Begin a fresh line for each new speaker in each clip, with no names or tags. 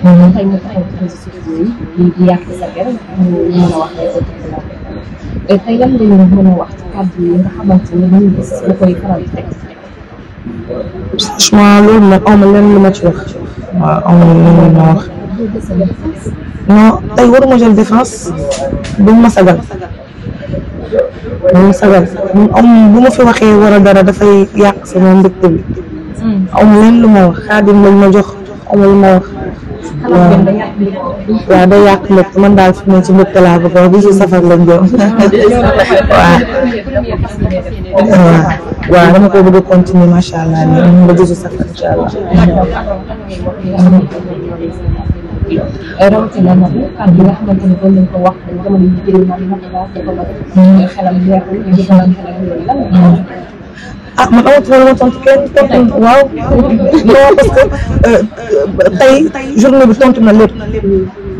xëy na xëy na si di di yàq sa ger ñu mën a wax ay auto te tey lan la ñu mën a wax ci kàddu yi nga xamante ni ñu gis da koy faral di teg. franchement loolu nag aw ma leen lu ma ci wax. waaw aw ma leen lu ma wax. non tey waruma jël défense buñ ma sagal. buñ ma sagal am bu ma fi waxee war a dara dafay yàq sama mbégte bi. Hmm. aw ma leen lu ma wax xaadim lañ ma jox aw ma lu ma wax. waaw day yàq lépp man daal fi mu ci mbégte laa bëgg wax safar lañ jëm waaw waaw dama ko bëgg a continuer macha allah ba jëju safar incha allah ah man amatuma lu ma tontu kenn tontu waaw non parce que euh, tey journée bi tontu na lépp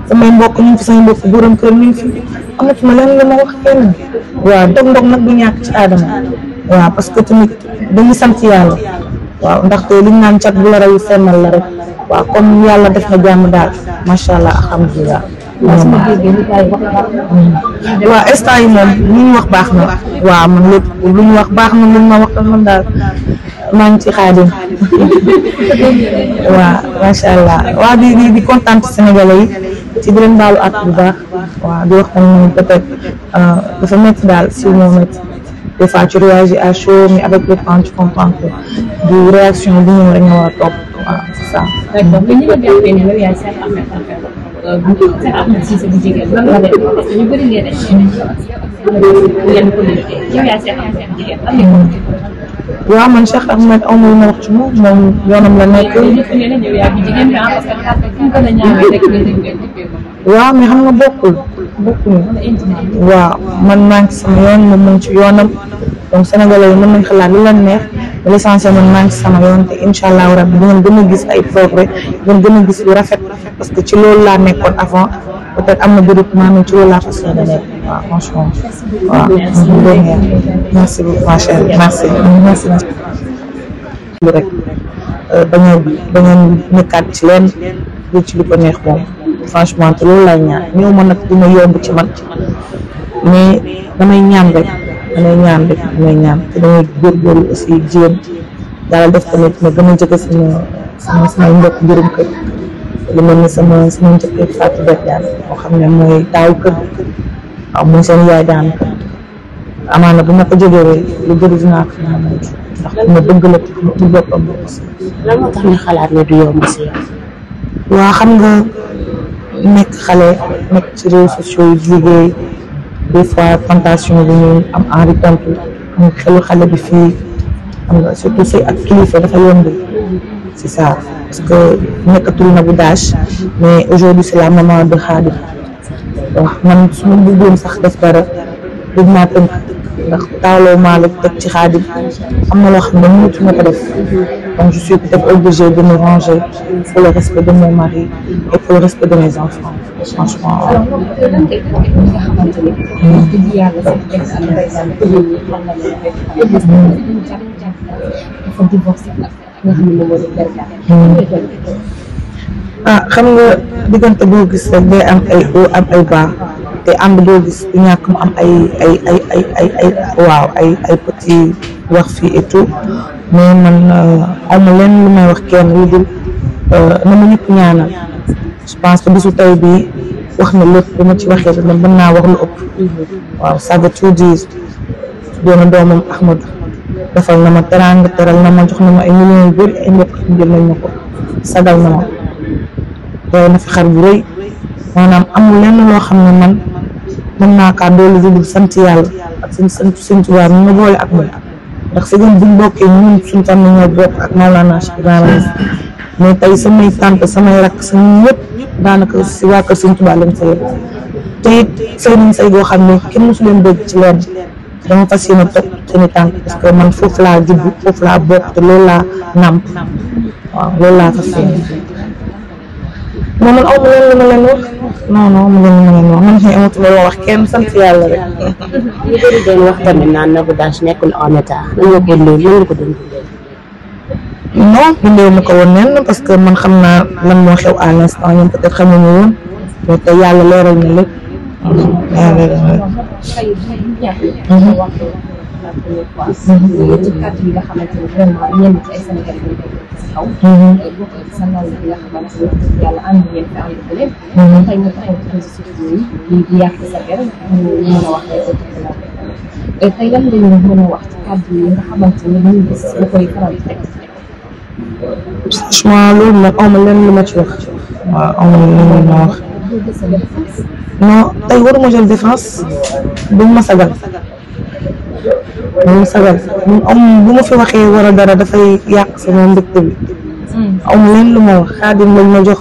samay mbokk ñu ngi fi samay mbokk borom kër ñu ngi fi ma lenn lu ma wax kenn waaw dog-dog nag bu ñàkk ci aadama waaw parce que tamit dañuy sant yàlla waaw ndaxte li ñu naan cat bu la raw fennal la rek waaw comme yàlla def na jàmm daal macha allah alhamdulilah. Mm. waaw instant yi moom lu wax baax na waaw man lépp lu wax baax na luñ man daal maa ngi ci xaadim waaw macha allah waaw di di di kontaan Sénégalais ci di leen baalu at bu baax waaw di wax tam moom peut euh, dafa métti daal si moo métti des fois tu réagis à avec le temps tu du réaction bi ñëw rek nga war topp bu dul te am na la demee parce waaw man Cheikh Ahmed aw lu ma wax ci moom yoonam la nekk. waaw mais xam nga bokkul waaw man maa ngi sama yoon moom mu ci yoonam donc sénégalais yi nañ xalaat lu leen neex. l'essentiel man maa ngi sama yoon te incha allahu rabbi di ngeen gën a gis ay progrès di ngeen gën gis lu rafet parce que ci loolu laa nekkoon avant peut-être am na bëri maanaam ci loolu laa fas yéene nekk waaw franchement waaw euh, nekkaat ci leen lu ci lu ko neex moom franchement loolu laay ñaan ñëw ma nag dina yomb ci man mais damay ñaan rek damay ñaan rek damay ñaan te damay góorgóorlu aussi jéem yàlla def tamit ma gën a jege sama sama samay mbokk borom kër lu ma ni sama sama njëkk Fatou Badiane moo xam ne mooy taaw kër waaw mooy seen yaay daan kër amaana bu ma ko jógewee lu bëri dinaa ko mën a mën ndax ku ma bëgg la ku ma ubbi boppam la aussi. lan moo xalaat ne du yomb si yow. waa xam nga nekk xale nekk ci réseaux sociaux yi liggéey. des fois tentation bi ñuy am enri tontu am xelu xale bi fii xam nga surtout sëy ak kilifa dafa yombul c'est parce que nekkatul na bu dash mais aujourd'hui c'est la maman de Khadim wax man su ma bëggoon sax def bëgg naa taaloo maa la teg ci am na loo xam ne mënut ma ko def donc je suis peut-être obligée de me ranger pour le respect de mon mari et pour le respect de mes enfants euh, hmm. Hmm. ah xam nga diggante boo gis rek day am ay te ànd boo gis du ñàkk mu am ay ay ay ay ay ay waaw ay ay petit wax fii et tout mais man euh, awma leen lu may wax kenn lu dul euh, na ma ñëpp ñaanal je pense que bisu tey bii wax na lépp bu ma ci waxee la mën naa wax lu ëpp waaw Saga tout dire doona doomam Ahmadou defal na ma teraanga teral na ma jox na ma ay millions yu bëri ay mbokk ko sagal na ma na fi xar rëy maanaam amul lenn loo xam ne man mën naa kaa doolu dudul sant yàlla ak suñ sant suñ Tuubaa mi nga boole ak moom ndax si gën buñ bokkee ñun suñ tam ñoo bokk ak Mawlana Cheikh Ibrahima mais tey samay tante samay rakk sama ñëpp daanaka si waa kër suñ Tuubaa lañ sëy te it sëy nañ sëy goo xam ne kenn mosu leen dégg ci leen dama fas yéene tànk parce que man foofu laa judd foofu laa bokk te loolu laa nàmp waaw loolu mais man aw ma leen lu wax non non aw ma leen wax man xëy amatuma loo wax wax tamit naan Nabou Dash nekkul en état nan nga ma ko woon parce que man xam naa lan moo xew à l'instant ñoom peut être xamuñu woon mais tey yàlla leeral na lépp. Mm-hmm. yàlla leeral na lépp. la première fois. ci kàddu yi nga xamante ni vraiment ñenn ci ay Sénégalais yi dañu koy si kaw. Mm-hmm. bokk ci sa ndaw bi nga xamante ni wax dëgg yàlla ànd ngeen fi ànd bu leen. Mm-hmm. tey nga taxaw ci réseaux sociaux yi di yàq sa ger ñu mën a wax ay autorités tey lan lañu mën a wax ci kàddu yi nga xamante ni dañu gis da koy faral di teg. franchement loolu nag aw ma leen lu ma ci wax. waaw aw ma leen lu ma wax. non tey waruma jël défense buñ ma sagal. moom sagal moom am bu ma fi waxee war a dara dafay yàq sama mbégte bi. Hmm. amul lenn lu ma wax xaadim lañ ma jox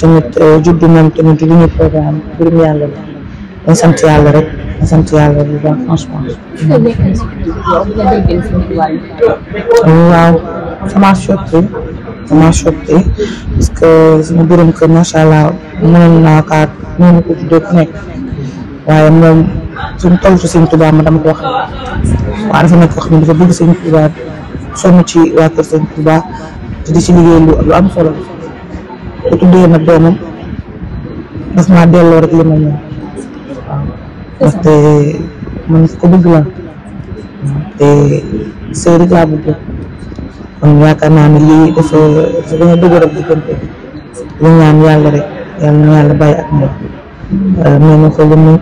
tamit euh, juddu moom tamit du ñu programme mbirum yàlla la dañ sant yàlla rek dañ sant yàlla bu baax franchement. waaw sama choqué sama choqué parce que sama borom kër macha allah mënoon naa kaa mënu ko tuddee ku nekk waaye moom suñ toll si sëñ Tuubaa ma dama ko wax waaw dafa nekk wax ne dafa bëgg sëñ Tuubaa sonn ci waa kër sëñ Tuubaa di ci liggéey lu am solo. bu tuddee nag doomam daf maa delloo rek li ma moom waaw ndaxte man ko te sëy rek laa bëgg kon yaakaar naa ne lii dafa dafa gën a dëgër ak diggante li ñaan yàlla rek yàlla na yàlla bàyyi ak moom mais na ko lim nañ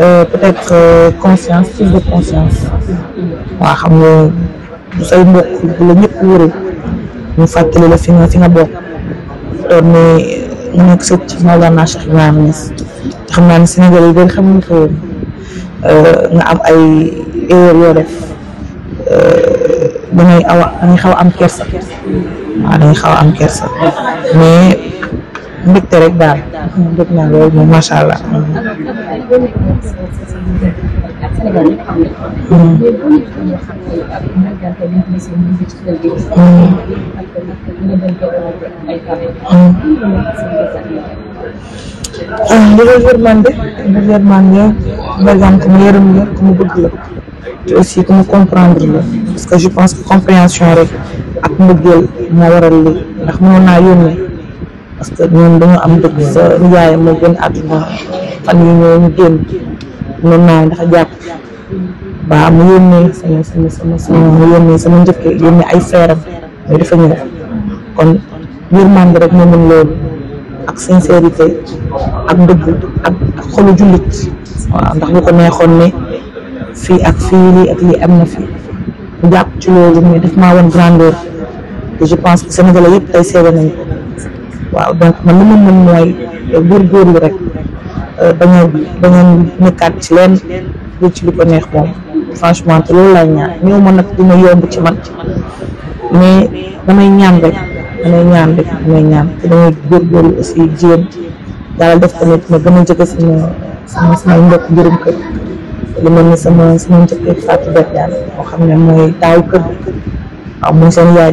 Euh, peut-être euh, conscience prise de conscience waa xam nga bu say mbokk bu la ñëpp wëree ñu fàttali la fi nga fi nga bokk doon ne mu nekk sët ci Mawlana Cheikh Ibrahima Niass xam naa ne Sénégal euh, nga am ay erreur yoo def dangay awa dangay xaw am kersa waaw dangay xaw am kersa mais mbégte rek daal mbég naa loolu allah. Sénégal ñëpp xam nañ ko. mais boo ñëwee ba nga xam ne ab màggal bi nga xam ne ñu ci kër gi. ak nag ñu doon jokkoo ak ay kàddu. ah yërëm yërmande yërmande par exemple ku mu yërëm la ku mu bëgg la te aussi ku mu comprendre la parce que je pense que compréhension rek ak mbëggeel moo waral lii ndax mënoon naa yónnee. parce que ñoom dañoo am dëkk sa nijaay moo gën àdduna fan yi ñu génn noonu naa dafa jàpp ba mu yónnee sama sama sama sama sama njëkk yónnee ay feeram mais dafa ñëw kon rek moo mën loolu ak sincérité ak dëgg ak xolu jullit ndax bu ko neexoon ne fii ak fii lii ak lii am na fi mu jàpp ci loolu mais daf maa woon grandeur je pense que sénégalais yëpp tey seede waaw donc man li ma mën mooy góorgóorlu rek euh, bañ a bañ ci leen lu ci lu ko neex moom franchement te loolu laay ñaan ñëw ma nag dina yomb ci man mais damay ñaan rek damay ñaan rek damay ñaan te damay góorgóorlu aussi jéem def tamit ma gën a jege sama sama samay mbokk juróom kër li mel ni sama sama njëkk Fatou Badiane moo xam ne mooy taawu kër waaw mooy seen yaay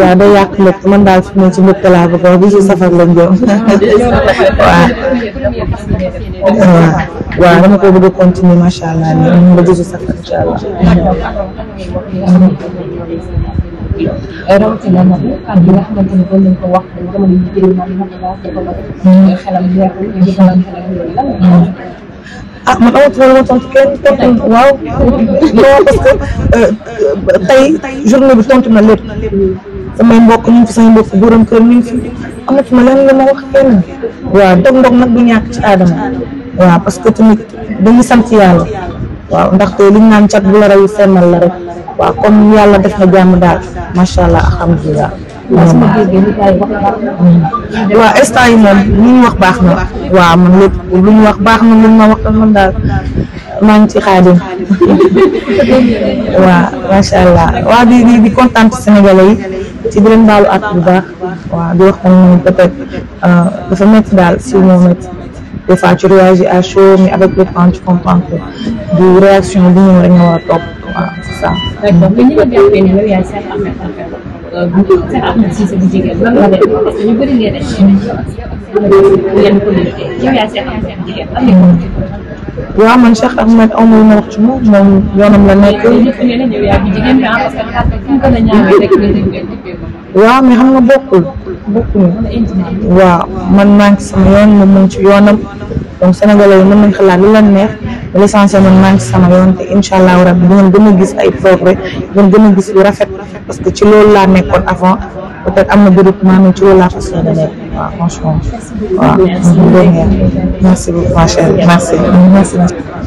waaw day yàq man daal fi mu ne ci mbégte ci safar lañ jëm waaw waaw dama ko bëgg a continuer macha ni ba jësi safar incha allah ah man amatuma lu ma ah, tontu kenn waaw non parce que euh, euh, tey journée bi tontu na lépp samay mbokk ñu ngi fi samay mbokk borom kër ñu ngi fi amatuma lenn lu ma wax kenn waaw dog-dog nag bu ñàkk ci aadama waaw parce que tamit dañuy sant yàlla waaw ndaxte li ñu naan cat bu la raw yi la rek waaw comme yàlla def na jàmm daal macha allah alhamdulilah. Mm. waaw instant yi moom lu ñu wax baax na waaw man lu ñu wax baax na lu ma wax man daal maa ngi ci xaadim waaw macha allah waaw di di di kontaan ci sénégalais yi ci di leen at bu baax waaw di wax moom peut euh, dafa métti daal si moo métti des fois tu à chaud avec le temps tu comprends que réaction bu ñëw rek nga war a topp waaw c'est ça. góor sax am na si seen jigéen lan la demee na waaw man Cheikh Ahmed aw ma ma wax ci moom moom yoonam la nekk. a waaw mais xam nga bokkul waaw man maa ngi sama yoon moom mu ngi yoonam donc sénégalais yi nañ xalaat lu leen neex. l'essentiel man maa ngi sama yoon te incha allahu rabbi di ngeen gis ay progrès di ngeen gën a gis lu rafet parce que ci loolu laa nekkoon avant peut être am na déroutement mais ci loolu laa fas yéene nekk waaw franchement waaw merci beaucoup macha allah merci merci